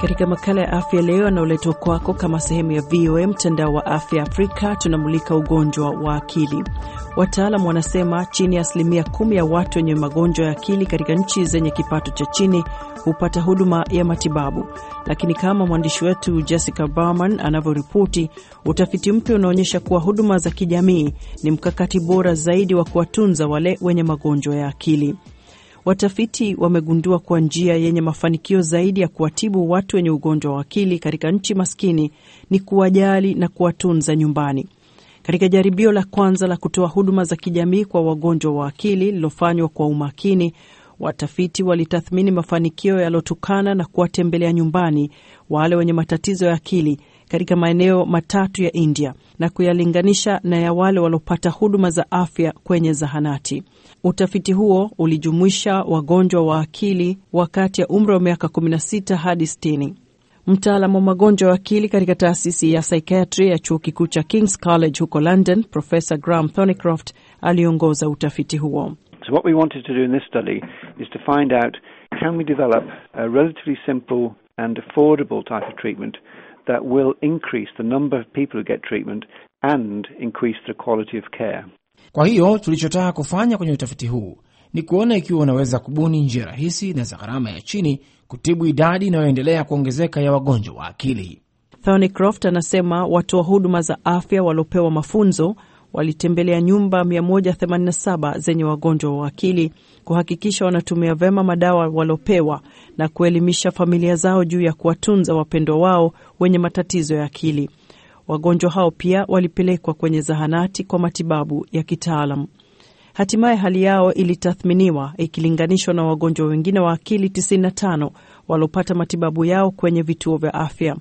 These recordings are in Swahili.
Katika makala ya afya leo yanayoletwa kwako kama sehemu ya VOA mtandao wa afya Afrika, tunamulika ugonjwa wa akili. Wataalam wanasema chini ya asilimia kumi ya watu wenye magonjwa ya akili katika nchi zenye kipato cha chini hupata huduma ya matibabu, lakini kama mwandishi wetu Jessica Berman anavyoripoti, utafiti mpya unaonyesha kuwa huduma za kijamii ni mkakati bora zaidi wa kuwatunza wale wenye magonjwa ya akili. Watafiti wamegundua kuwa njia yenye mafanikio zaidi ya kuwatibu watu wenye ugonjwa wa akili katika nchi maskini ni kuwajali na kuwatunza nyumbani. Katika jaribio la kwanza la kutoa huduma za kijamii kwa wagonjwa wa akili lililofanywa kwa umakini, watafiti walitathmini mafanikio yaliotokana na kuwatembelea nyumbani wale wenye matatizo ya akili katika maeneo matatu ya India na kuyalinganisha na ya wale waliopata huduma za afya kwenye zahanati. Utafiti huo ulijumuisha wagonjwa wa akili wakati ya umri wa miaka 16 hadi 60. Mtaalamu wa magonjwa ya akili katika taasisi ya psychiatry ya chuo kikuu cha King's College huko London, Profesa Graham Thornycroft aliongoza utafiti huo. So what we wanted to do in this study is to find out can we develop a relatively simple and affordable type of treatment that will increase the number of people who get treatment and increase the quality of care. Kwa hiyo tulichotaka kufanya kwenye utafiti huu ni kuona ikiwa unaweza kubuni njia rahisi na za gharama ya chini kutibu idadi inayoendelea kuongezeka ya wagonjwa wa akili. Thornycroft anasema watoa huduma za afya waliopewa mafunzo walitembelea nyumba 187 zenye wagonjwa wa akili kuhakikisha wanatumia vema madawa waliopewa na kuelimisha familia zao juu ya kuwatunza wapendwa wao wenye matatizo ya akili. Wagonjwa hao pia walipelekwa kwenye zahanati kwa matibabu ya kitaalam Hatimaye hali yao ilitathminiwa ikilinganishwa na wagonjwa wengine wa akili 95 waliopata matibabu yao kwenye vituo vya afya.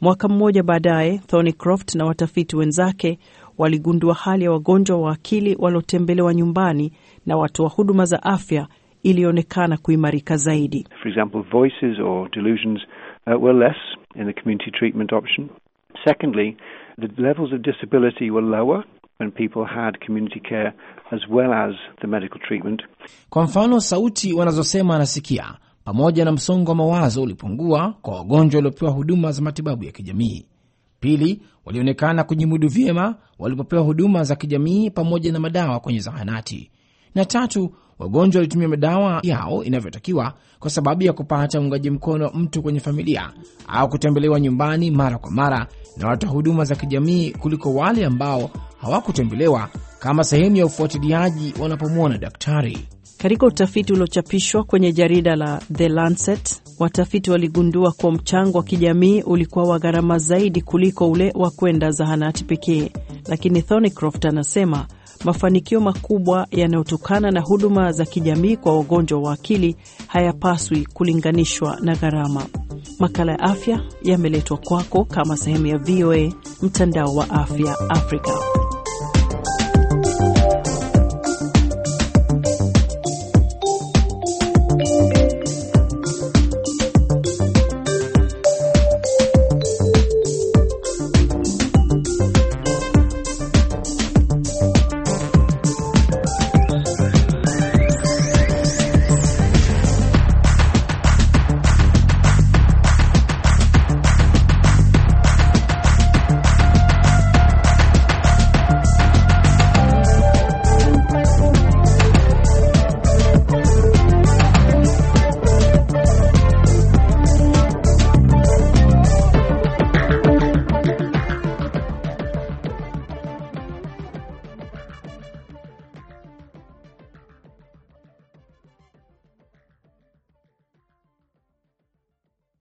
Mwaka mmoja baadaye, Thornycroft na watafiti wenzake waligundua hali ya wagonjwa wa akili waliotembelewa nyumbani na watoa wa huduma za afya ilionekana kuimarika zaidi. For example, voices or delusions uh, were less in the community treatment option. Secondly, the levels of disability were lower when people had community care as well as the medical treatment. Kwa mfano, sauti wanazosema anasikia pamoja na msongo wa mawazo ulipungua kwa wagonjwa waliopewa huduma za matibabu ya kijamii. Pili, walionekana kujimudu vyema walipopewa huduma za kijamii pamoja na madawa kwenye zahanati, na tatu, wagonjwa walitumia madawa yao inavyotakiwa kwa sababu ya kupata uungaji mkono wa mtu kwenye familia au kutembelewa nyumbani mara kwa mara na watoa huduma za kijamii kuliko wale ambao hawakutembelewa kama sehemu ya ufuatiliaji wanapomwona daktari. Katika utafiti uliochapishwa kwenye jarida la The Lancet, watafiti waligundua kuwa mchango wa kijamii ulikuwa wa gharama zaidi kuliko ule wa kwenda zahanati pekee, lakini Thornycroft anasema mafanikio makubwa yanayotokana na huduma za kijamii kwa wagonjwa wa akili hayapaswi kulinganishwa na gharama. Makala ya afya yameletwa kwako kama sehemu ya VOA mtandao wa afya Afrika.